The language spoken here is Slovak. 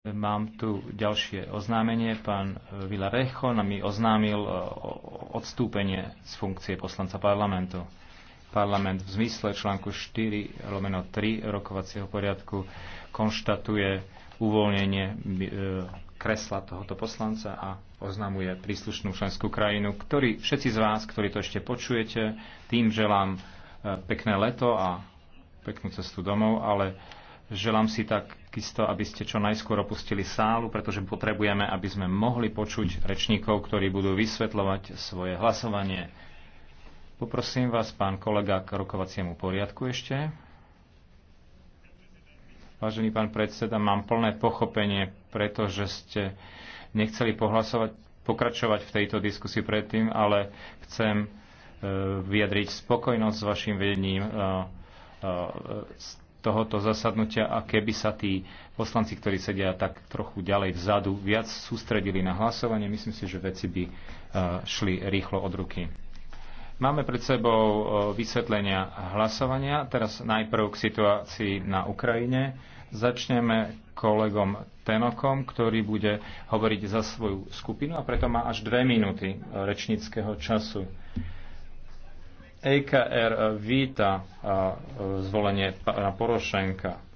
Mám tu ďalšie oznámenie. Pán Vila nám mi oznámil e, odstúpenie z funkcie poslanca parlamentu. Parlament v zmysle článku 4 lomeno 3 rokovacieho poriadku konštatuje uvoľnenie e, kresla tohoto poslanca a oznamuje príslušnú členskú krajinu, ktorý všetci z vás, ktorí to ešte počujete, tým želám e, pekné leto a peknú cestu domov, ale Želám si takisto, aby ste čo najskôr opustili sálu, pretože potrebujeme, aby sme mohli počuť rečníkov, ktorí budú vysvetľovať svoje hlasovanie. Poprosím vás, pán kolega, k rokovaciemu poriadku ešte. Vážený pán predseda, mám plné pochopenie, pretože ste nechceli pohlasovať, pokračovať v tejto diskusii predtým, ale chcem e, vyjadriť spokojnosť s vašim vedením e, e, tohoto zasadnutia a keby sa tí poslanci, ktorí sedia tak trochu ďalej vzadu, viac sústredili na hlasovanie, myslím si, že veci by eh, šli rýchlo od ruky. Máme pred sebou eh, vysvetlenia hlasovania. Teraz najprv k situácii na Ukrajine. Začneme kolegom Tenokom, ktorý bude hovoriť za svoju skupinu a preto má až dve minúty eh, rečníckého času. EKR eh, víta eh, eh, zvolenie pána Porošenka